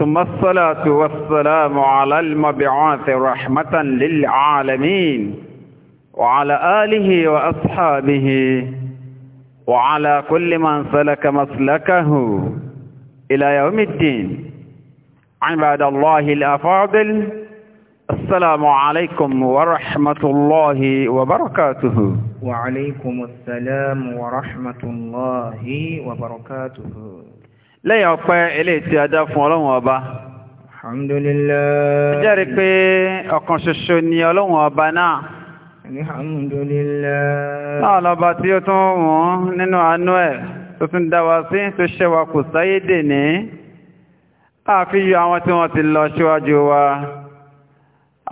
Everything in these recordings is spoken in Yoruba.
ثم الصلاة والسلام على المبعوث رحمة للعالمين وعلى آله وأصحابه وعلى كل من سلك مسلكه إلى يوم الدين عباد الله الأفاضل السلام عليكم ورحمة الله وبركاته وعليكم السلام ورحمة الله وبركاته lẹ́yìn ọpẹ́ eléyìí tí a dá fún ọlọ́run ọba alhamdulillah jẹ́rìí pé ọ̀kan ṣoṣo ni ọlọ́run ọba náà alhamdulillah náà lọ́ba tí ó tún wọ́n nínú àánú ẹ̀ tó tún dá wa sí tó ṣẹ́wà kò sáyé A ní àfihàn àwọn tí wọ́n ti lọ síwájú wa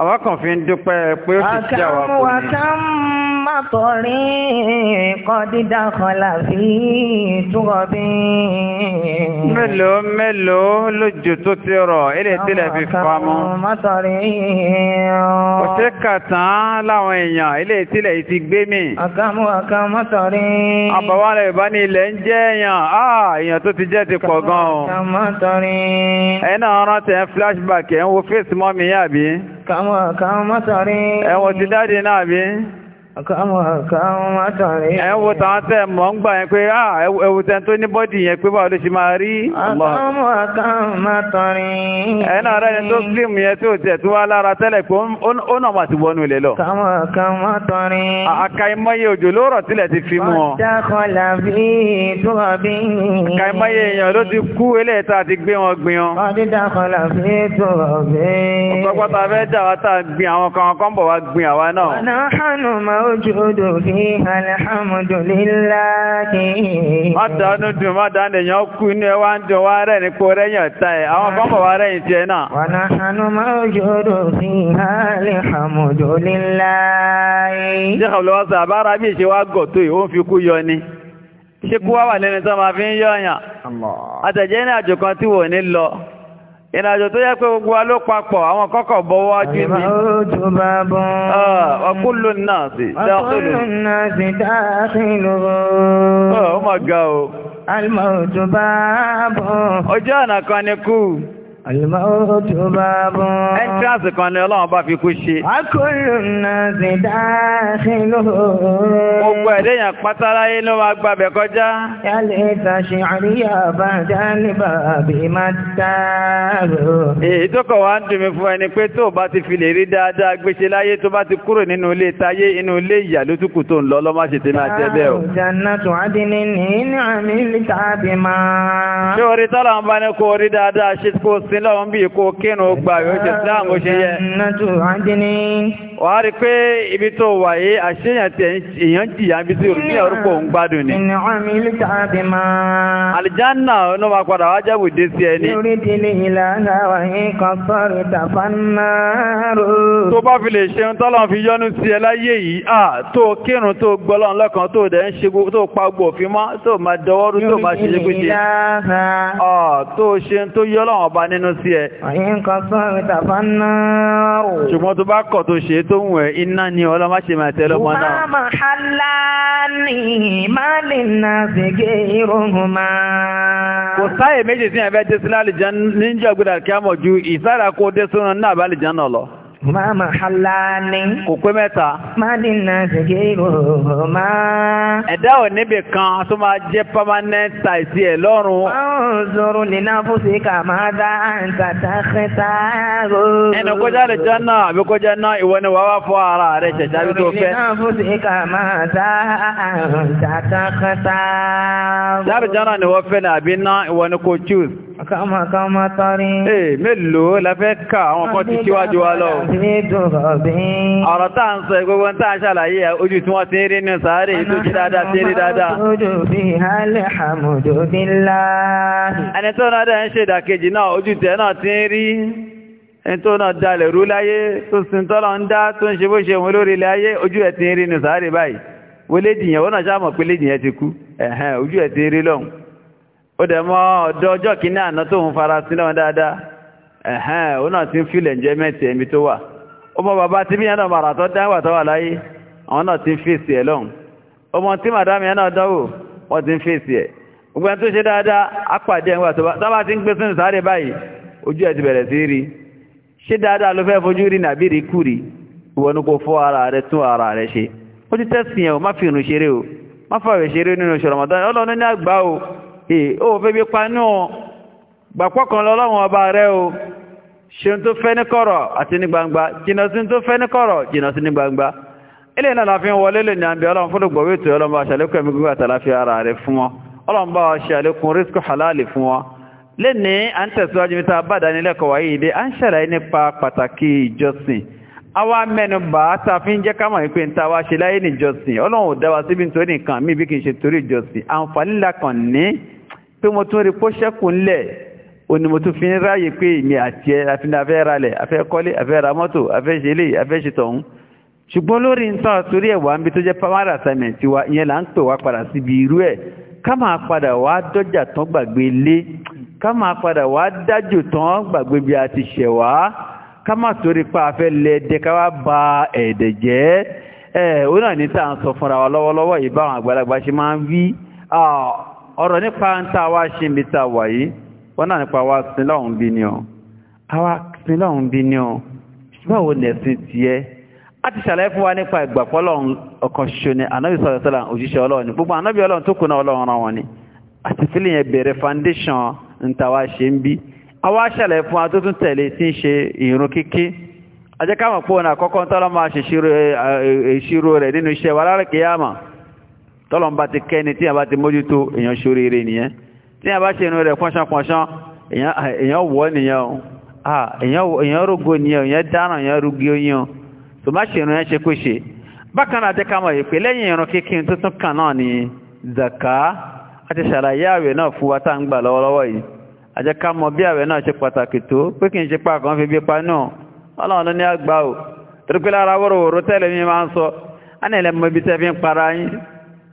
àwa kàn fi ń dúpẹ́ pé ó sì ṣẹ́wà kò ní mọ́tòrí kan dídá kan làbí túbọ̀ bí. mélòó mélòó lójú tó ti rọ̀ ilé tílẹ̀ fi famú. mọ́tòrí. kò ṣe kàtàn láwọn èèyàn ilé tílẹ̀ yìí ti gbé mi. àkàmú àkàmú mọ́tòrí. àbáwá rẹ̀ bá ní ilẹ̀ ń jẹ́ èèyàn ah, èèyàn tó ti jẹ́ ti pọ̀ gan-an. àkàmú mọ́tòrí. ẹ̀yin náà rántí flashback ẹ̀ ń wo fèsì mọ́mí yàbí. kàmú àkàmú mọ́tòrí. ẹ̀wọ̀n ti dáde náà bí ẹwù tàn tẹ́ mọ̀ ń gbà yẹn pé ah ẹwù tẹ́ tó ní bọ́dì yẹn pé báwo ló ṣe máa rí ẹ̀nà rẹ̀ ni tó fíìmù yẹn tí ó tẹ̀ tó wá lára tẹ́lẹ̀ pé ó nà wà ti wọnú ilẹ̀ lọ àkàìmọye òjò ló rọ̀ tilẹ̀ ti fi mú ọ àkàìmọye èèyàn ló ti kú eléyìí tá a ti gbé wọn gbin ọ ọ̀pọ̀pọ̀ tá a fẹ́ jà wá tá a gbin àwọn kan bọ̀ wá gbin àwa náà الوجود فيها الحمد لله ọ̀tọ̀ ọdún dùn mọ́ dáadé yàn kú ní ẹwà ń dùn wá rẹ̀ ní kó rẹ̀yàn táì àwọn bọ́mọ̀ wá rẹ̀yìn tí ẹ náà wa nahnu mawjudu fiha alhamdu lillahi jẹ́ ọ̀lọ́wọ́sà àbára bí ìṣe wá gọ̀ tó ìhó fi kú yọ ni ṣe kú wá wà lẹ́ni tó máa fi ń yọ̀yàn àtẹ̀jẹ́ ní àjò kan tí wò ní lọ ìrìnàjò tó yẹ pé gbogbo wa ló papọ̀ àwọn kọ́kọ̀ bọ́wọ́ jí mi. ọjọ́ bá bọ́. ọkùnlò náà sí dákìlù. náà sí dákìlù. ó mà o. almautu bá bọ́. ni kú. Àlùmọ́ọ́tù bá bọ́. Ẹ́ntíránsì kan ni ọlọ́run bá fi kú ṣe. Akúrò náà sì dáàṣínú. Gbogbo ẹ̀dẹ́yàn pátáláyé ló máa gbàbẹ̀ kọjá. Yálẹ̀ ìtàṣì àríyá bá jálẹ̀bà bí máa dáàrò. Èyí tó kọ̀ wá ń dùn mí fún ẹni pé tó bá ti fi lè rí dáadáa gbéṣe láyé tó bá ti kúrò nínú ilé táyé inú ilé ìyà ló tó ń lọ lọ́mọ́ ṣe ti máa jẹ́ bẹ́ẹ̀ o. Ṣé orí tọ́lá ń bá ní kó orí dáadáa ṣe kó sí sí lọ́wọ́n bí kó kínú gbà yóò ṣe síláàmù ṣe yẹ. wà á rí pé ibi tó wà yé àṣeyàn tí èèyàn jìyà bí tí òrùn yẹn orúkọ òun gbádùn ni. àlìjánà ló máa padà wá jẹ́ bùdé sí ẹni. lórí délé ìlànà wà ní kan sọ́ọ̀rì tàfà náà rò. tó bá fi lè ṣeun tọ́lọ́ fi yọ́nú sí ẹ láyé yìí à tó kírun tó gbọ́lọ́n lọ́kàn tó dẹ̀ ń ṣe tó pa gbòfin mọ́ tó máa dọwọ́rú tó máa ṣe ṣe pé ṣe. tó ṣe tó ní bínú sí ẹ. ṣùgbọ́n tó bá kọ̀ tó ṣe tó ń wẹ̀ iná ni ọlọ́máṣe máa tẹ náà. kò sáyè méjì sí ẹ̀fẹ́ dé sí níjọ́ gbọ́dọ̀ kí á mọ̀ ju ìsára kó dé sínú náà bá lìjẹ́ náà lọ máa ma hàlá ní. kò pé mẹ́ta. máa dínà ṣègérò máa. ẹ̀dá ò níbì kan tó máa jẹ́ permanent tàìsí ẹ̀ lọ́rùn. ọ̀hún zoro nínú fúnṣe kà máa dá àǹtàtà kẹta rò. ẹnu kọjá lè jẹ́ náà àbí kọjá náà ìwọ ni wàá wá fọ́ ara rẹ̀ ṣẹ̀ṣẹ̀ àbí tó fẹ́. nínú fúnṣe kà máa dá àǹtàtà kẹta rò. jábìjọ́ ni wọ́n fẹ́ ní àbí náà ìwọ ni kò choose. Kama kama tari. Ee mélòó la fẹ́ ka àwọn kan ti síwájú wa lọ. Ọ̀rọ̀ tá à ń sọ gbogbo tá à ń ṣàlàyé ojú tí wọ́n ti ń rí ní sàárè tó jí dáadáa ti rí dáadáa. Ojú fi hálẹ̀ àmùdó bí ńlá. Ẹni tó náà dẹ̀ ń ṣe ìdàkejì náà ojú tẹ̀ náà ti ń rí. Ẹni tó náà dalẹ̀ rú láyé tó sin tọ́lọ̀ ń dá tó ń ṣe bó ṣe wọn lórí ilẹ̀ ayé ojú ẹ̀ ti ń rí ní sàárè báyìí. Wọlé dìyàn wọ́n náà ṣáà mọ̀ pé lé dìyàn ti kú. ojú ẹ̀ ti ń rí lọ́hùn. ó dẹ̀ mọ́ ọ̀dọ́ ọjọ́ àná tó ń fara sí náà dáadáa ó ti ń fílẹ̀ jẹ́ mẹ́tì ẹ̀mí tó wà ó bàbá tí náà tó dáwà tó wà láyé àwọn náà ti ń fèsì ẹ̀ lọ́hùn tí náà ti ń fèsì ẹ̀ gbogbo ẹni tó ṣe dáadáa apàdé tó bá ti ń gbé sínú sáré báyìí ojú ẹ̀ ara rẹ tún ara rẹ ṣe ó ti tẹ́sìn ẹ̀ o má fi ṣeré o má fàwẹ̀ ó fẹ́ bí panú gbàpọ̀ kan lọ́lọ́wọ́n ọba rẹ o ṣe tó fẹ́ ní kọ̀rọ̀ àti ní gbangba jìnà sí tó fẹ́ ní kọ̀rọ̀ jìnà sí ní gbangba ilé náà láfi ń wọlé lè ní àbí ọlọ́run fún ìgbọ̀wé ètò halali fún wọn lè ní à ń tẹ̀síwájú níta bàdánilẹ́kọ̀ọ́ wáyé ìdí à ń ṣàlàyé nípa pàtàkì ìjọsìn àwa mẹ́nu bà á ta fi ń jẹ́ kámọ̀ ìpé ń ta wá ṣe láyé níjọsìn ọlọ́run ò wa síbi nítorí nǹkan mí bí kì í ṣe torí ìjọsìn àǹfààní la pé mo tún rí pósẹ́kùn lẹ̀ òní mo tún fi ń ráyè pé èmi àti ẹ afẹ́ ralẹ̀ afẹ́ kọ́lé afẹ́ ra mọ́tò afẹ́ ṣe lè afẹ́ ṣe tọ̀hún ṣùgbọ́n lórí nǹkan àtúrí ẹ̀wà ń bí tó jẹ́ pamara assignment wa ìyẹn là ń pè wá padà síbi irú ẹ̀ ká máa padà wá dọ́jà tán gbàgbé ilé ká máa padà wá dájò tán gbàgbé bí a ti ṣẹ̀ wá ká má torí pa afẹ́ lẹ́ẹ̀dẹ́ ká wá ba ẹ̀ẹ̀dẹ̀ jẹ́ ẹ̀ ó náà ní tá à ń sọ fúnra wa lọ́wọ́lọ́wọ́ yìí báwọn àgbàlagbà ṣe máa ń wí ah, ọ̀rọ̀ nípa ń ta wá ṣe ta wà yìí wọ́n náà nípa wá bí ni ọ́ àwa a ti ṣàlàyé fún wa nípa ìgbàpọ̀ lọ́hùn ọkàn ṣoṣo ni ànábì sọ̀rọ̀ sọ̀rọ̀ òjíṣẹ́ ọlọ́run ni gbogbo foundation ń ta wá ṣe ń bí àwa ṣàlàyé fún wa tó tún tẹ̀lé tí ń ṣe kíkí ń tọ́lọ́ tọlọ mba ti kẹni tí a bá ti mójútó èèyàn ṣoríire nìyẹn tí a bá ṣe inú rẹ̀ pọ́nṣánpọ́nṣán èèyàn wọ́ nìyẹn o èèyàn rògbò nìyẹn èèyàn dáràn èèyàn rúgbì oyin o tó má ṣe inú yẹn ṣe ṣe kan náà zaka ṣàlàyé àwẹ̀ náà fún wa tá ń gbà lọ́wọ́lọ́wọ́ yìí ká bí àwẹ̀ náà ṣe pàtàkì tó pé kì í ṣe pa o torí pé lára tẹ́lẹ̀ mi máa ń sọ á ibi tẹ́ fi ń para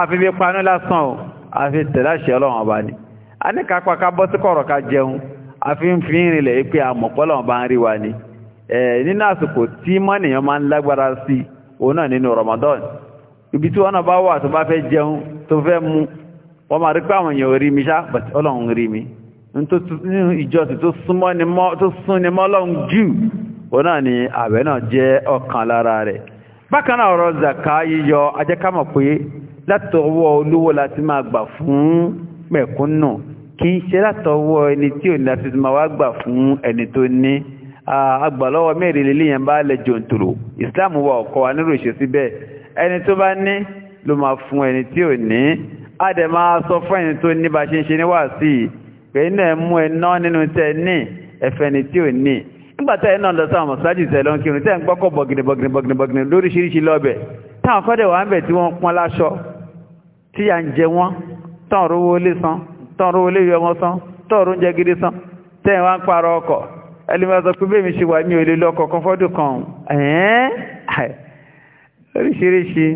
àfi bí panú lásán o àfi tẹ̀láṣẹ ọlọ́run ọba ni a ní kápá ká bọ́ sí kọ̀rọ̀ ká jẹun àfi ń fi rìnlẹ̀ pé àmọ̀pọ́lọ́run bá ń rí wa ni nínú àsìkò tí mọ́nìyàn máa ń lágbára sí òun náà nínú Ramadan ibi tí wọ́n náà bá wà tó bá fẹ́ jẹun tó fẹ́ mu wọ́n máa rí pé àwọn èèyàn rí mi ṣá bàtí ọlọ́run rí mi ìjọsìn tó sún ni mọ́ ọlọ́run jù òun náà ni ààwẹ̀ náà jẹ́ ọ̀kan lára rẹ̀ bákan náà ọ̀rọ̀ zaka yíyọ ajẹ́kámọ̀ pé látọwọ́ olówó láti máa gbà fún mẹ̀kúnnù kì í ṣe látọwọ́ ẹni tí ò ní láti máa wá gbà fún ẹni tó ní agbàlọ́wọ́ mẹ́rin lè bá lẹ jòǹtòrò ìsìláàmù wa ọ̀kọ́ wa nírò ìṣe síbẹ̀ ẹni tó bá ní ló máa fún ẹni tí ò ní á dẹ̀ máa sọ fún ẹni tó ní bá ṣe ń ṣe ní wàásì pé iná ẹ̀ mú ẹ ná nínú tẹ ní ẹ̀fẹ́ ẹni tí ò ní nígbà tá ẹ̀ náà lọ sáwọn mọ̀sájì tẹ̀ lọ́n tẹ́ ń gbọ́kọ̀ bọ̀gìnì lóríṣiríṣi lọ́bẹ̀ táwọn kọ́dẹ̀ wà ń bẹ̀ tí wọ́n pọ́n láṣọ tí à ń jẹ wọ́n tọ́ọ̀rọ̀ owó lé san tọ́ọ̀rọ̀ owó lé yọ ọmọ san tọ́ọ̀rọ̀ oúnjẹ gidi san tẹ́ ẹ̀ wá ń parọ́ ọkọ̀ ẹlẹ́mọ̀ sọ pé bẹ́ẹ̀ mi ṣe wà ní òlè lọ́kọ̀ kan fọ́dún kan ẹ̀ẹ́n oríṣiríṣi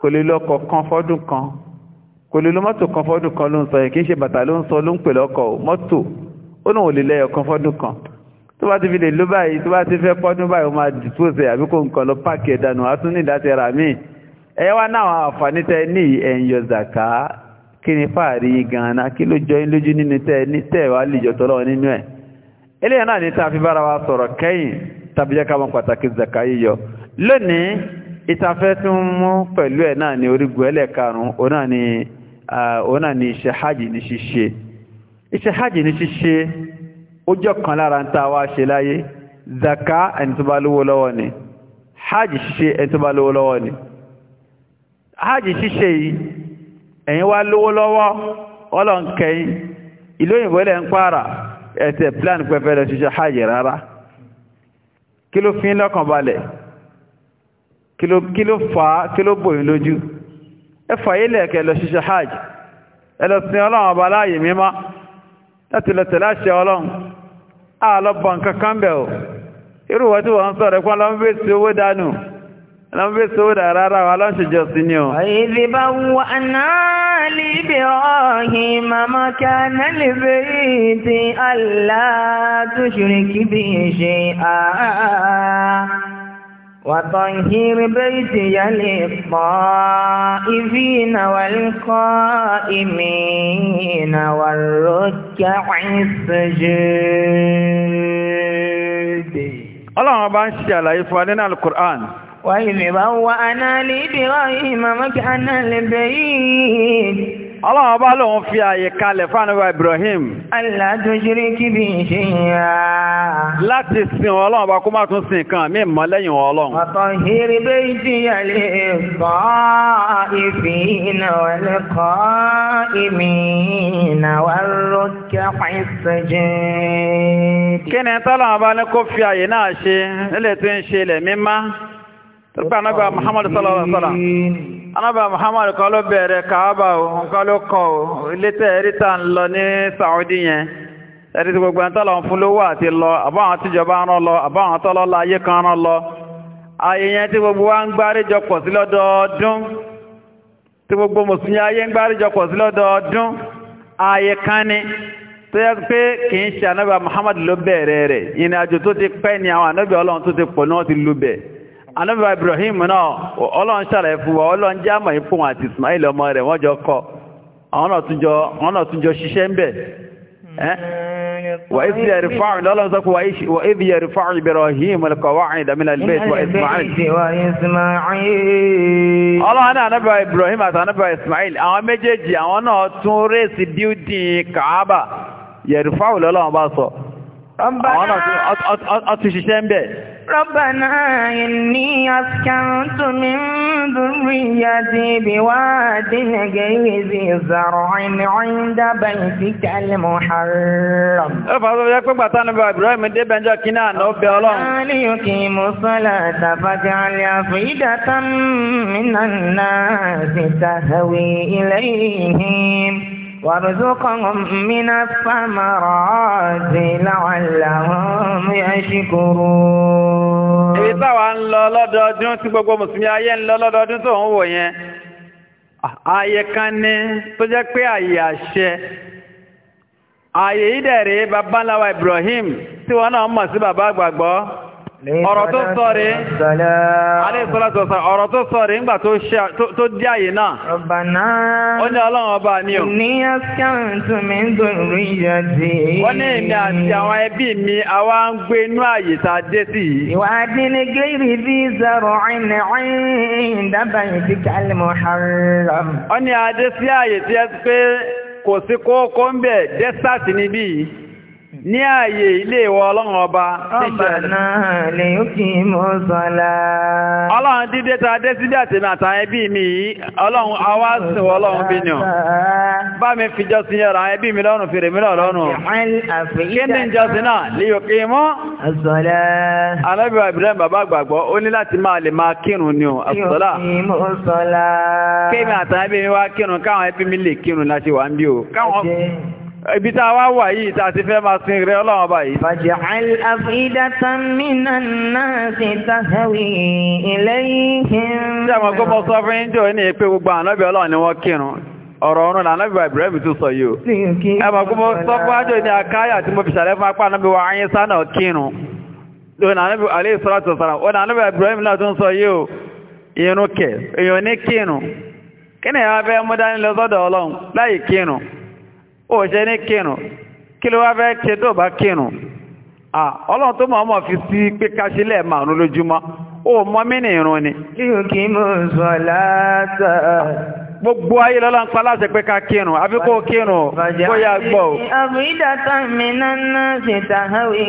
kò lè lọ́kọ̀ kan fọ́dún kan kò lè lọ mọ́tò kan fọ́dún kan ló ń sọ yẹn kì í ṣe bàtà ló ń sọ ló ń pè lọ́kọ̀ mọ́tò ó náà ò lè lẹ́yọ̀ kan fọ́dún kan tó bá ti fi lè ló báyìí tó bá ti fẹ́ pọ́dún báyìí ó máa dìpọ́sẹ̀ àbí kò nǹkan lọ páàkì ẹ̀dànù á tún míì ẹ wá náà àǹfààní tẹ ní ẹ̀yọ zàká kí ni fàárí gan-an kí ló jọ lójú nínú tẹ ní tẹ wá lè jọ tọ́lọ́ nínú ẹ̀ eléyìí náà ní tá a fi bára wa sọ̀rọ̀ kẹ́yìn tàbí jẹ́ ká mọ̀ pàtàkì zàká yíyọ lónìí ìtafẹ́ tí ń mú pẹ̀lú ẹ̀ náà ni orígun ẹlẹ́karùn-ún òun náà ni iṣẹ́ hajj ní ṣíṣe iṣẹ́ hajj ní ṣíṣe zaka ẹni tó bá lówó lọ́wọ́ ni hajj ṣíṣe ẹni tó bá lówó lọ́wọ́ ni hajj ṣíṣe yìí ẹ̀yin wá lówó lọ́wọ́ ọlọ́nkẹ́yìn ìlú òyìnbó lẹ́ ń pààrà ẹ̀tẹ̀ plan pẹ́fẹ́ lọ ṣiṣẹ́ hajj rárá kí ló fi ń lọ́kàn balẹ̀ kí ló fà á kí ló bòyìn lójú hajj ọlọ́run ọba láàyè láti lọ tẹ̀lé àṣẹ ọlọ́run Ẹnà bí sódà rárá wa lọ́ṣẹ̀jọ́ sí ní o. Ìdí bá wà náà líbi ọ̀hìn màmá kí a náà lè bèèrè ti aláàtúṣìrí kí bí ṣe Wàtọ̀ ìhìrì bèèrè ti yà lè pọ̀ ìfì ìnàwà ìmì ìnàwà rọ́kẹ́ وإذ بوأنا لإبراهيم مكان البيت Ọlọ́run bá lóun fi àyè kalẹ̀ fánúwà Ibrahim. Aláàtúnṣírí kí bí i ṣe yá. Láti sin Ọlọ́run bá kó má tún sin kan mí mọ́ lẹ́yìn Ọlọ́run. Ọ̀tọ̀ ìhìrì bẹ́ ìdí àlè kọ́ ìfì iná wẹ̀lẹ̀ wà Tọ́pẹ́ anábà Muhammadu sallallahu alaihi wasallam. Anábà Muhammadu kọ́ ló bẹ̀rẹ̀ Kaaba o, nǹkan ló kọ́ o, ilé ń lọ ní Saudi yẹn. gbogbo ẹ̀ntọ́ lọ ń fún lọ, àbáwọn tíjọba rán lọ, àbáwọn tọ́lọ́ ni tó pé kì í ṣe anábà ló bẹ̀rẹ̀ rẹ̀. tó ti pẹ́ ni ti pọ̀ anábíwá Ibrahim náà ọlọ́run ṣàlàyé fún wa ọlọ́run jẹ́ àmọ̀ ìfún àti Ismail ọmọ rẹ̀ wọ́n jọ kọ́ àwọn náà tún jọ ṣiṣẹ́ ń bẹ̀ وإذ يرفع لولزك وإذ يرفع إبراهيم القواعد من البيت وإسماعيل وإسماعيل الله أنا نبع إبراهيم أنا نبع إسماعيل أنا مجيجي أنا توريس ديوتي كعبة يرفع لولزك أنا أتشيشين بيه ربنا إني أسكنت من ذريتي بواد غير ذي زرع عند بيتك المحرم. إبراهيم يقيم الصلاة فاجعل أفئدة من الناس تهوي إليهم. وارزقهم من الثمرات لعلهم يشكرون ibi táwa ń lọ lọ́dọọdún tí gbogbo mùsùlùmí ayé ń lọ́dọọdún tó ń yẹn ààyè kan tó jẹ́ pé ààyè àṣẹ ààyè yìí Ibrahim ọ̀rọ̀ tó sọ̀rí alẹ́sọ́lọ́sọ̀sọ̀ ọ̀rọ̀ tó sọ̀rí ńgbà tó dí àyè náà ó ní ọlọ́run ọba ní o ní ẹ́sìkáǹtù mi ń dòrò ìyá dé wọ́n ní èmi àti àwọn ẹbí mi àwa ń gbé inú àyè tá a dé sí yìí ìwà adínigérì bí zọrọ̀ ẹ̀nà ẹ̀yìn dábàá ìdí kálímù ní ààyè ilé ìwọ ọlọ́run ọba ọ̀bàná lè ọlọ́run dídé ta dé síbí àtèmi àtàwọn ẹbí mi ọlọ́run awá sìn ọlọ́run bí nìyàn bá mi fi jọ́sìn yọ̀rọ̀ àwọn ẹbí mi lọ́rùn fèrè mi lọ́rùn kí ní jọ́sìn náà o o ibi tá a wá wà yìí tá a ti fẹ́ máa sin rẹ ọlọ́run ọba yìí. faj'al af'idatan minan nasi tahwi ilayhim. ṣé àwọn gómọ sọ fún yín ní pé gbogbo ànábì ọlọ́run ni wọ́n kírun ọ̀rọ̀ ọ̀run là Ibrahim tó sọ yìí o. ẹ mọ̀ sọ fún àjò ní akáyà tí mo fi ṣàlẹ́ fún apá ànábì wa ayé sánà kírun. ọ̀nàbí Ibrahim náà tó sọ yìí o ìrún kẹ̀ ni ó ṣe ní kírun kí ló wá fẹ́ ṣe tó bá kírun ọlọ́run tó mọ̀ọ́mọ̀ fi sí pé irun ni. o kì í mú sọ gbogbo ayé lọ́la ń pa láti pé ká kírun àbí kó kírun kó yá gbọ́. ìdàtà mi náà ṣe tàháwì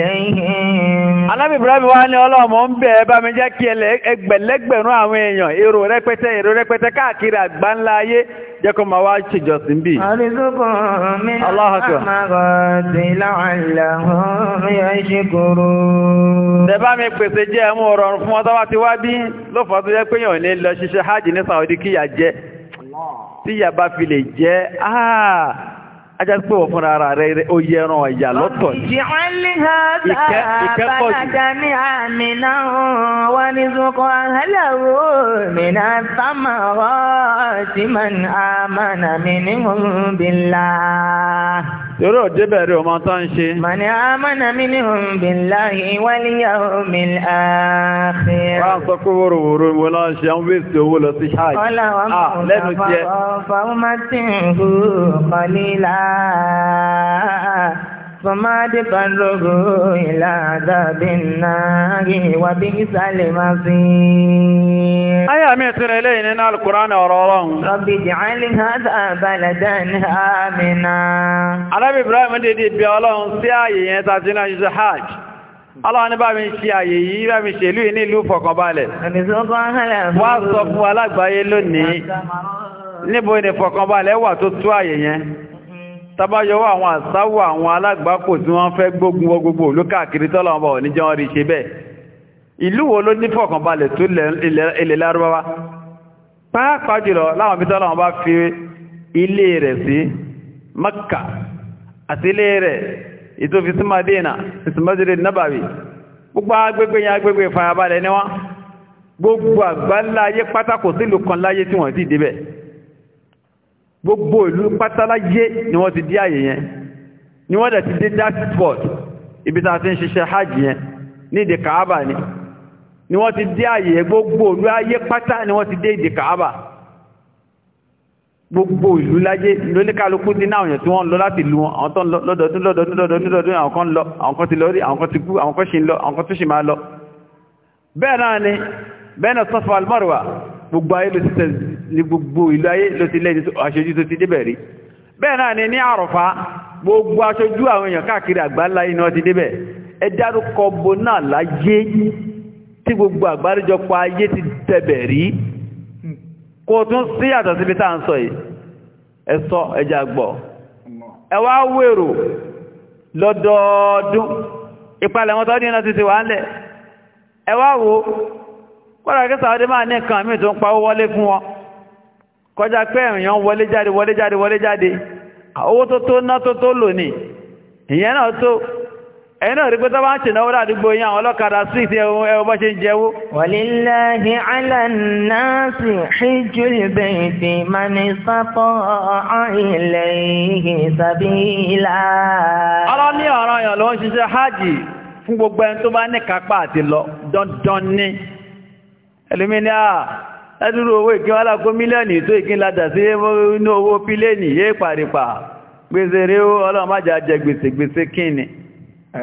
lẹ́yìn. alábì ibrahim wa ní ń bẹ̀ ẹ́ bá mi jẹ́ kí àwọn èèyàn èrò rẹpẹtẹ èrò rẹpẹtẹ káàkiri àgbáńlá ayé jẹ́ kó máa wá ṣèjọsìn bí. Tẹ̀bá mi pèsè jẹ́ ẹmú ọ̀rọ̀rùn fún ọtọ́wà ti wá bí ló fọ́ Saudi kíyà jẹ́. Tíyà bá fi lè jẹ́, ah! ajá pé wọ́n fúnra ara rẹ̀ ó yẹ ẹran ọ̀yà lọ́tọ̀ ní. ìkẹ́kọ̀ọ́ jù. ní àmìnà wà ní zokò àhálàwò mìnà sámàrọ̀ tí màá ní àmàna mi ní mò ń Yọ́rọ̀ débẹ̀rẹ̀ ọmọ tó ń ṣe. Màní àmànà mi ní billahi wal yawmil akhir. Wọ́n sọ pé wòròwòrò wo lọ ṣe ń wéṣì owó lọ sí ṣáàjì. Ọlá wọn kò lẹ́nu jẹ. Ọ̀fà máa ti ń hù kọ́lílà. فما تقربوا إلى عذاب النار وبئس المصير أيا ميتر إلينا القرآن وراءهم رب اجعل هذا بلدا آمنا على إبراهيم دي بي سياي يتاتينا يزحاج Allah ní mi ṣe yìí bá mi ní ìlú sọ fún alágbàáyé lónìí, níbo ni wà tó yẹn? tàbáyọwọ́ àwọn àsáwọ̀ àwọn alágbàkò tí wọ́n fẹ́ gbógun wọ gbogbo olú káàkiri tọ́lọ̀ ọmọ ò ní jẹ́ wọ́n rí ṣe bẹ́ẹ̀ ìlú wo ló ní fọ̀kànbalẹ̀ tó ilẹ̀ lárúbáwá pàápàá jùlọ láwọn bí tọ́lọ̀ bá fi ilé rẹ̀ sí Makka àti ilé rẹ̀ ìtòfi sí Madina ìsìnmọ́sílẹ̀ Nabawi gbogbo agbègbè yẹn agbègbè ìfàyàbalẹ̀ ni wọ́n gbogbo àgbáńlá ayé pátákò sílùú kan láyé tí wọ́n ti débẹ̀ gbogbo ìlú pátáláyé ni wọ́n ti dí àyè yẹn ni wọ́n dẹ̀ ti dé dark spot ibi tá a ti ń ṣiṣẹ́ hajj yẹn ní ìdè kàábà ni ni wọ́n ti dé àyè yẹn gbogbo ìlú ayé pátá ni wọ́n ti dé ìdè kàábà gbogbo ìlú láyé lóníkàlùkù dín náà yẹn tí wọ́n ń lọ láti lu àwọn tó ń lọ lọ́dọọdún lọ́dọọdún lọ́dọọdún lọ́dọọdún àwọn kan lọ àwọn kan ti lọ rí àwọn kan ti kú àwọn kan ṣì ń lọ àwọn kan tó ṣì máa lọ bẹ́ẹ̀ náà ni bẹ́ẹ̀ náà sọ́fọ́ almarwa gbogbo ayé ló ti tẹ̀ ní gbogbo ìlú ayé ló ti lẹ́ni aṣojú tó ti débẹ̀ rí bẹ́ẹ̀ náà ni ní àrọ̀fá gbogbo aṣojú àwọn èèyàn káàkiri àgbáńlá iná ti débẹ̀ ẹ dárúkọ bo náà láyé tí gbogbo àgbáríjọpọ̀ ayé ti tẹ̀bẹ̀ rí kó tún sí àtọ̀ síbi tá à ń sọ yìí ẹ sọ ẹja gbọ́ ẹ wá wèrò lọ́dọọdún ìpalẹ̀mọ́tọ́ ní iná ti ti wà ń lẹ̀ ẹ wá wo kọ́ra kí sàwọ́dé máa ní nǹkan mí tó ń pa wọlé fún wọn kọjá pé èèyàn wọlé jáde wọlé jáde wọlé jáde owó tó tó ná tó tó lò ní ìyẹn náà tó ẹ̀yìn náà rí pé tó bá ń ṣe náà wọ́n àdúgbò yín ọlọ́kadà sí ìtẹ́ ẹwọ bá ṣe ń jẹ́wó. wàlíláhi alánàásì ṣíjú ẹlùmíní a ẹdúrú owó ìkín wá lákó tó ìkín ládà sí inú owó pílẹ̀nì yé pàrípà gbèsè rí ó ọlọ́májà jẹ gbèsè gbèsè kíni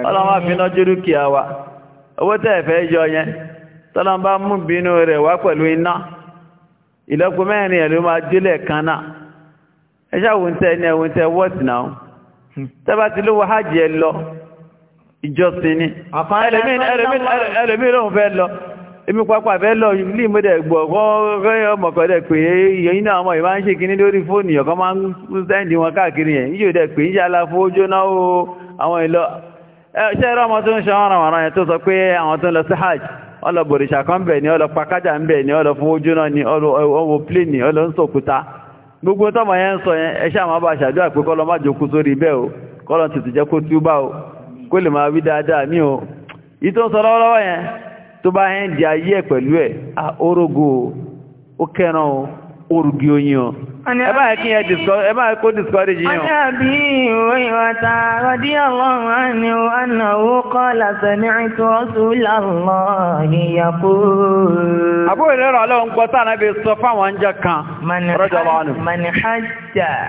ọlọ́má finá jórú kí a owó tẹ́ẹ̀fẹ́ yọ yẹn mú bínú rẹ̀ wá pẹ̀lú iná mẹ́rin ẹ̀lú máa ẹni wọ́ọ̀tì náà ti hajj lọ emi pápá bẹ́ẹ̀ lọ ilé ìmọ́dẹ̀ gbọ ọmọkọ̀dẹ̀ pé èyí náà ọmọ ìbá ń ṣe kíní lórí fóònù ọ̀kan máa ń sẹ́ndì wọn káàkiri yẹn yíò dẹ̀ pé ń ṣe jóná o àwọn ìlọ ṣe ẹ̀rọ ọmọ tó ń ṣe ọ̀ràn ọ̀ràn yẹn tó sọ pé àwọn tó ń lọ sí hajj ọlọ bòrìṣà kan bẹ̀ ni ọlọ pakájà ń bẹ̀ ni ọlọ fowó jóná ni ọwọ́ pléènì ọlọ ń gbogbo tọmọ yẹn ń sọ yẹn ẹ bá o kọlọ tètè tó bá ẹ́ ń di ayé ẹ̀ pẹ̀lú ẹ̀ ah, orógo ó kẹ́ran orugi oyin o ẹ bá kí ẹ discourage ẹ bá kó discourage yín o. ọjọ́ bí ìwé ìwọ̀ta rọ̀dí ọlọ́run á ní ọ̀nàwó kọ́ làṣẹ ní ìtò ọ̀sùn ìyàpò. àbúrò ìlera ọlọ́run gbọ́ sáà náà fi sọ fáwọn oúnjẹ kan rọ́jò ọlọ́run. mani hajj.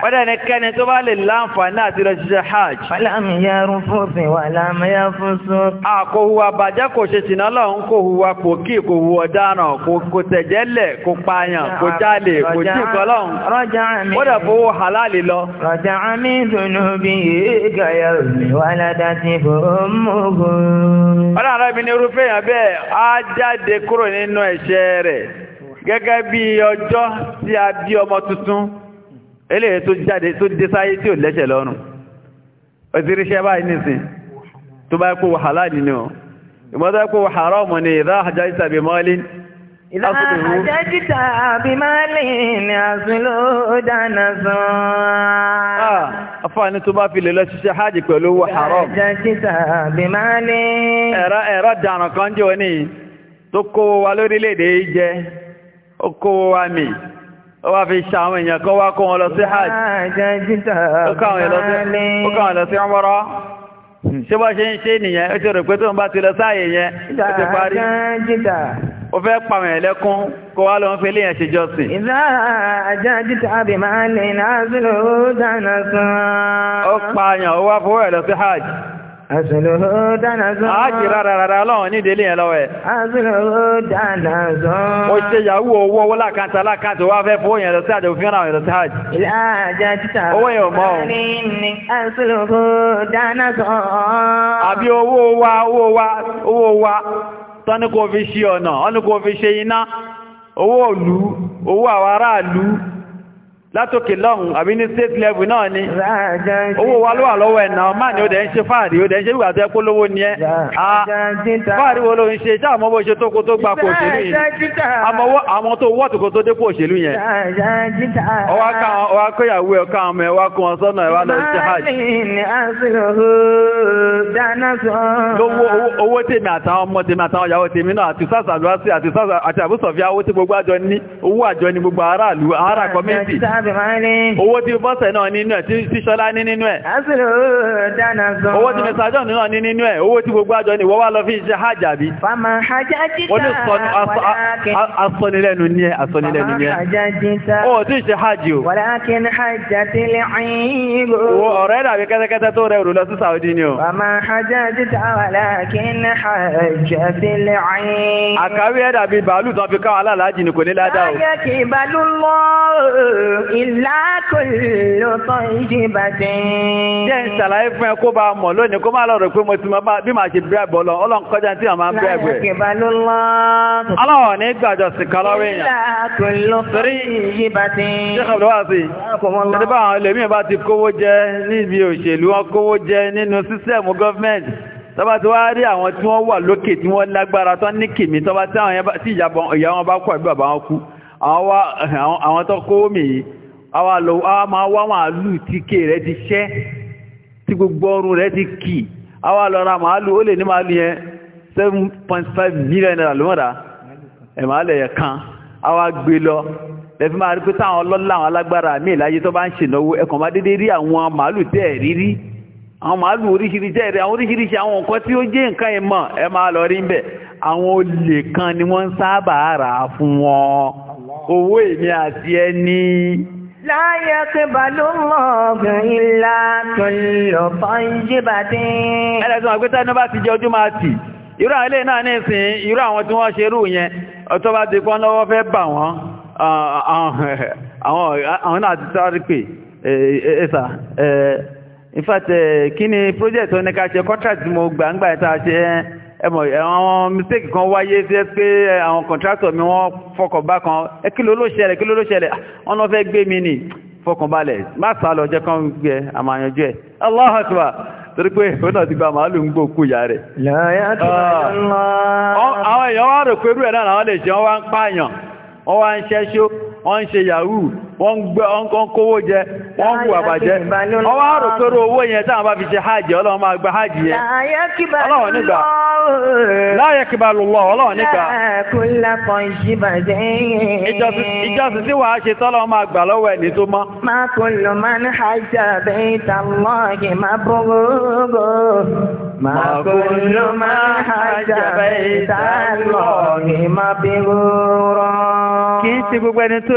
wọ́n dẹ̀ ní kẹ́ni tó bá lè láǹfààní àti lọ ṣiṣẹ́ hajj. wàlámi yarú fòfin wàlámi yá fún sún. a kò hùwà bàjẹ́ kò ṣe ṣìnà ọlọ́run kò kò Wọ́dà fowó halálì lọ. Rọ̀jà mi dùnú bí gàyà mi wà ládá ti bò mọ́gò. Ọ̀dà rẹ̀ mi ní irúfẹ́ yàn bẹ́ẹ̀, á jáde kúrò nínú ẹ̀ṣẹ̀ rẹ̀. Gẹ́gẹ́ bí ọjọ́ tí a bí ọmọ tuntun, eléyìí tó jáde tó dé sáyé tí ò lẹ́ṣẹ̀ lọ́rùn. Òṣìṣẹ́ báyìí nìsín, tó bá kó wàhálà nínú. Ìmọ̀tá kó wàhálà ọmọ ni ìdá àjájú tàbí mọ́lín. Ah, Àjẹ́jìtà àbímálì ni àsìlò dáná sán. Àfáàní tó bá fi lè lọ wa lórílẹ̀-èdè jẹ, ó kó wa mì ó wá fi ṣàwọn èèyàn kan wá kó wọn lọ sí hajj ó káwọn lọ sí ọmọrọ Hmm. ṣé bá ṣe ń ṣe nìyẹn ó ti rò pé tó ń bá ti lọ sáàyè yẹn ó ti parí ó fẹ́ pàwọn ẹ̀lẹ́kún kó wá lọ fi léyìn ṣèjọsìn. pààyàn ó wá fowó ẹ̀ hajj. Àṣìlòhó A kì rárá Ó ṣe owó wá fẹ́ fún òyìn òfin títà. Owó o. Àbí owó wa owó wa owó wa tọ́ni kò fi ọ̀nà, ọ́ni kò fi ṣe iná, owó òlú, owó látòkè lọ́hùn àbí ní state level náà ni owó wa ló wà lọ́wọ́ ẹ̀nà ọmọ ni ó dẹ̀ ń ṣe fáàrí ó dẹ̀ ń ṣe wíwà tó ẹ polówó ni ẹ́ fáàrí wo ló ń ṣe tá àmọ́ bó ṣe tó kó tó gba kò òṣèlú yìí àmọ́ tó wọ́ọ̀tù kó tó dé kó òṣèlú yẹn ọwá kóyàwó ẹ̀ ká ọmọ ẹ̀ wá kó wọn sọ́nà ẹ̀ wá lọ sí hajj. owó tèmi àtàwọn ọmọ tèmi àtàwọn ìyàwó tèmi náà àti sars àlùwásí àti àbúsọ̀fíà owó tí gbogbo àjọ ní owó àjọ ní gbogbo aráàlú ará kọ́mẹ́ntì ti máa ní. Owó tí bọ́sẹ̀ náà nínú ẹ̀ tí Ṣọlá ní nínú ẹ̀. Àṣìlò dáná sọ. Owó tí Mẹ́sàjọ́ náà ní nínú ẹ̀, owó tí gbogbo àjọ ni wọ́n wá lọ fi ṣe hajj àbí. Fàmà hajjá jíta wọ́n ní asọ́nilẹ́nu ní ẹ, asọ́nilẹ́nu ní ẹ. Fàmà hajjá jíta. Ó tí ì ṣe hajj o. Wàlákin hajjá ti lè tó rẹ̀ rò lọ sí Saudi ni o. Fàmà hajjá jíta wàlákin hajjá ti lè ẹ̀yìn. Àkàwé ẹ̀ dàbí bàálù tán fi káwọn alálàájì ni ní ládàá o ìlà kò lò tán ìjìnbà tẹ̀. jẹ́ ń ṣàlàyé fún ẹ kó bá a mọ̀ lónìí kó má lọ rò pé mo ti mọ bí màá ṣe bírẹ̀ bọ̀ lọ ọlọ́run kọjá tí màá bírẹ̀ bẹ̀. aláwọ̀ ní gbàjọ sí kálọ́rì yẹn. ìlà kò lò sí i. ẹni bá tí wá rí àwọn tí wọ́n wà lókè tí wọ́n lágbára tán ní kìmí tọba tí àwọn ìyá wọn bá kọ̀ ẹ̀bí bàbá wọn kú àwọn tó kówó mìí àwa lọ àwa máa wá màálù tí ké rẹ̀ ti ṣẹ́ tí gbogbo ọrùn rẹ̀ ti kì àwa lọ ra màálù ó lè ní màálù yẹn seven point five million naira ló mọ̀ra ẹ̀ màálù ẹ̀yẹ kan àwa gbé lọ lẹ́fí máa rí pé táwọn ọlọ́lá àwọn alágbára míì láyé tó bá ń ṣènáwó ẹ̀kàn bá dédé rí àwọn màálù tẹ́ ẹ̀ rí rí àwọn màálù oríṣiríṣi ẹ̀rí àwọn oríṣiríṣi àwọn nǹkan tí ó jẹ́ nǹkan ẹ̀ mọ̀ ẹ máa lọ rí bẹ́ẹ̀ àwọn olè kan ni wọ́n ń sábà rà fún wọn owó èmi àti ẹni láyé kí balùmọ̀gùn ilá tó lọ fọ́njíbàtí. ẹlẹ́sìn àgbẹ́ta inú bá ti jẹ́ ojú máa tì irú àwọn ilé náà ní ìsìn irú àwọn tí wọ́n ṣe rú yẹn ọ̀tọ́ bá ti pọ́n lọ́wọ́ fẹ́ bà wọ́n àwọn náà ti sáré pé ẹ̀ẹ́sà in fact kí ni project oníkàṣe contract mo gbà ń gbà ẹ̀ta ṣe ẹ́ ẹmọ̀ àwọn mistake kan wáyé tí ẹ pé àwọn contractor mi wọ́n fọkàn bá kan ẹ kí ló ló ṣẹlẹ̀ kí ló ló ṣẹlẹ̀ wọ́n fẹ́ gbé mi nì fọkàn balẹ̀ má sá lọ jẹ́ gbé àmàyànjú ẹ̀ Allahu torí pé ó náà ti gba màálù ń gbòkú ìyá rẹ̀. àwọn èèyàn wá rò pé ẹ̀ náà wọ́n ń ṣe yahoo wọ́n ń gbé ọkọ̀ kówó jẹ wọ́n ń hùwà bàjẹ́ ọwọ́ àròkèrò owó yẹn táwọn bá fi ṣe hajj ọlọ́run máa gba hajj yẹn ọlọ́run nígbà láyé kíba lọ́wọ́ ọlọ́run nígbà ìjọsìn tí wàá ṣe tọ́lọ́run máa gbà lọ́wọ́ ẹni tó mọ́. máa kò ṣe gbogbo ẹni tó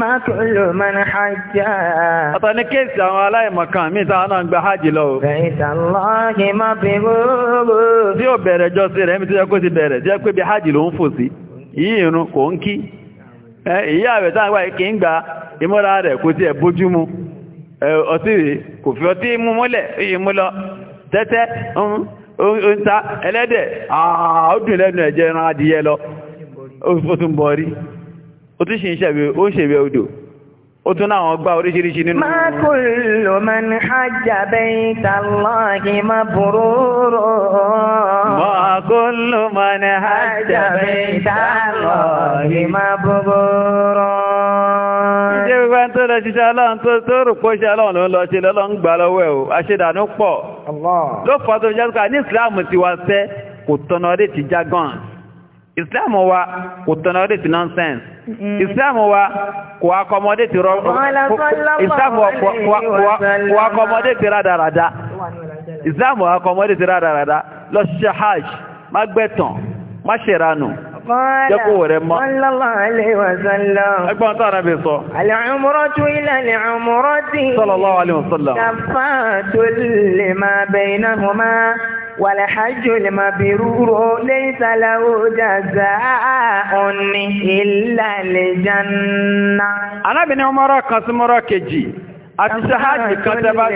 ma kullu man hajja. ọ̀tọ̀ ní mi táwọn náà gba hajj lọ o. bẹ̀ẹ̀sà lọ́ọ̀kì má fi jọ mi tó yẹ kó ti hajj ló ń fò sí fi lọ tete, ń elede ẹlẹ́dẹ̀ àádùn lẹ́nu ẹ̀jẹ̀ je adìyẹ lọ ó tún ṣe ń ṣẹ̀wé ó ń ṣèwé odò ó tún náà wọ́n gbá oríṣiríṣi nínú. má kò lò mọ́ ní hajjá bẹ́yìn tàlọ́ọ̀kì má burú rò. má kò lò mọ́ ní hajjá bẹ́yìn tàlọ́ọ̀kì má burú rò. ṣé gbogbo tó lọ ṣiṣẹ́ ọlọ́run tó tó rò pé ṣe ọlọ́run ló ń lọ ṣe lọ́lọ́ lọ́wọ́ ẹ̀ Islam wa kò akọmọdé ti rọ Islam wa kò akọmọdé ti rádaràda Islam wa akọmọdé ti rádaràda lọ ṣiṣẹ́ hajj má gbẹ̀tàn má ṣèrànù jẹ́ kó wẹ̀rẹ̀ mọ́. sallallahu alaihi wa tó ara bẹ sọ. al-umratu ila al-umrati. sallallahu alaihi wa sallam. kafatul lima bainahuma. والحج المبرور ليس له جزاء إلا الجنة أنا بن عمر قسم ركجي àtìṣáàjì kan tẹ́ bá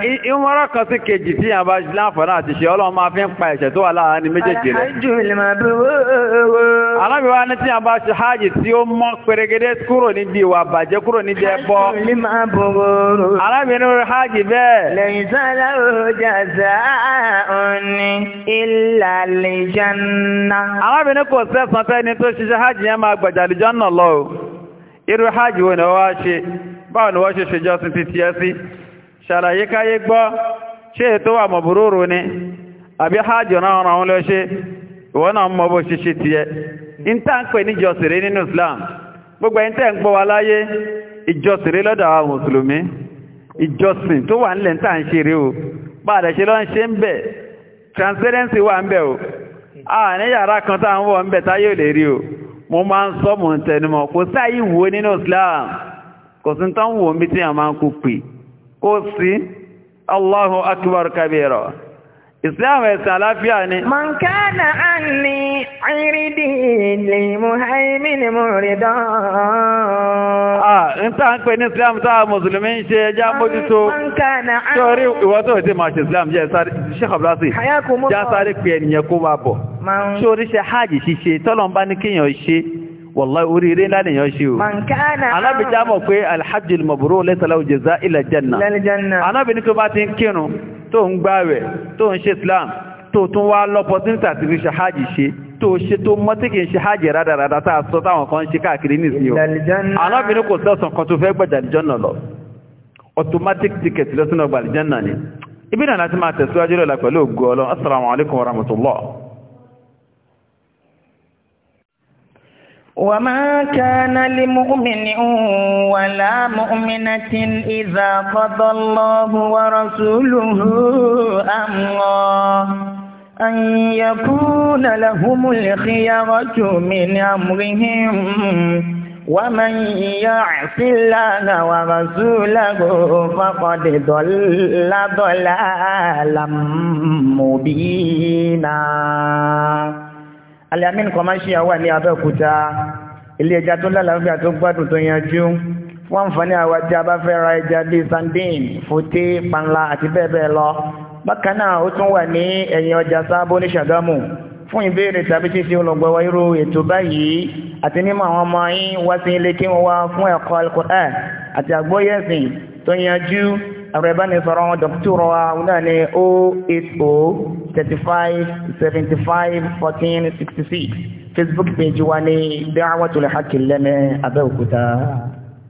ṣe ìwọ́n rọ́kàn sí kejì tí a bá ṣe láǹfààní àti ṣe ọlọ́run máa fi ń pa ẹ̀ṣẹ̀ tó wà láàárín méjèèjì rẹ̀. ala ní tí a ya ṣe hajj tí ó mọ́ pẹ̀rẹ̀gẹ̀dẹ̀ kúrò kuro ni bàjẹ́ kúrò níbi hajj bẹ́ẹ̀. lẹ́yìn sọ́lá òjà sáàánì ìlà àlìjánná. alábìnrin kò hajj o hajj wo ni wọ́n wá ṣe báwo ni wọ́n ṣe ṣèjọ́sìn ti tiẹ́ sí ṣàlàyé káyé se ṣé ni àbí hajj náà ràn lọ se, ìwọ náà mọ bó sisi ṣe ìta ń pè ní ìjọsìrí nínú Islam gbogbo ẹ̀yin tẹ́ ń gbọ́ wa láyé ìjọsìrí lọ́dọ̀ mùsùlùmí ìjọsìn tó wà nílẹ̀ níta ṣe rí o pàdé ṣe ṣe ń bẹ̀ transparency wà ń bẹ̀ o a ní yàrá kan tá à ń wọ̀ ń bẹ̀ o mo máa ń sọ mò ń kò sáyé wo Islam kò sí tán a máa ń pè sí Allahu akbar Islam ẹ̀sìn ni. àìrídì lè mú àìmí ni mo islam tá mùsùlùmí ń ṣe ẹjá mójútó sórí ìwọ tó ti islam jẹ́ Sheikh Abdulaziz já sáré pé ẹnìyàn kó máa bọ̀ sórí ṣe hajj ṣíṣe tọ́lọ̀ ń bá ní o anábìjá mọ̀ pé alhajjul mabrur laysa lahu jazaa illa janna anábìní tó bá ti ń kírun tó ń gbààwẹ̀ tó ń ṣe islam tó tún wá lọ́pọ̀ tí ń tàbí ṣe hajj ṣe tó ṣe tó mọ́ tí kì í ṣe hajj rádaràdá tá a sọ táwọn kan ṣe káàkiri nìsín o alábìnrin kò sẹ́sàn kan tó fẹ́ gbàjà àlìjọ́nà lọ automatic ticket lọ́sùn náà gbàlìjọ́nà ni ibi náà láti máa tẹ̀síwájú lọ́la pẹ̀lú ògo ọlọ́run assalamu alaikum warahmatullah وما كان لمؤمن ولا مؤمنة إذا قضى الله ورسوله أمرا أن يكون لهم الخيرة من أمرهم ومن يعص الله ورسوله فقد ضل ضلالا مبينا Al-Amin Commercial wà ní Abẹ́òkúta ilé ẹja tó lálàáfíà tó gbádùn tó yanjú fún àǹfààní àwọn ajá bá fẹ́ ra ẹja bíi sandin fòté panla àti bẹ́ẹ̀ bẹ́ẹ̀ lọ bákan náà ó tún wà ní ẹ̀yìn ọjà sábó ní ṣàgámù fún ìbéèrè tàbí títí olùgbọ̀wọ́ irú ètò báyìí àti mímọ̀ àwọn ọmọ yín wá sí ilé kí wọ́n wá fún ẹ̀kọ́ Al-Qur'an àti àgbóyẹ̀sìn tó yanjú ẹ̀rọ ìbánisọ̀rọ̀ dọ̀kítọ̀rọ̀ ní 080 Facebook page wa ní Da'watul Haqq Lẹ́mẹ̀ Abẹ́òkúta.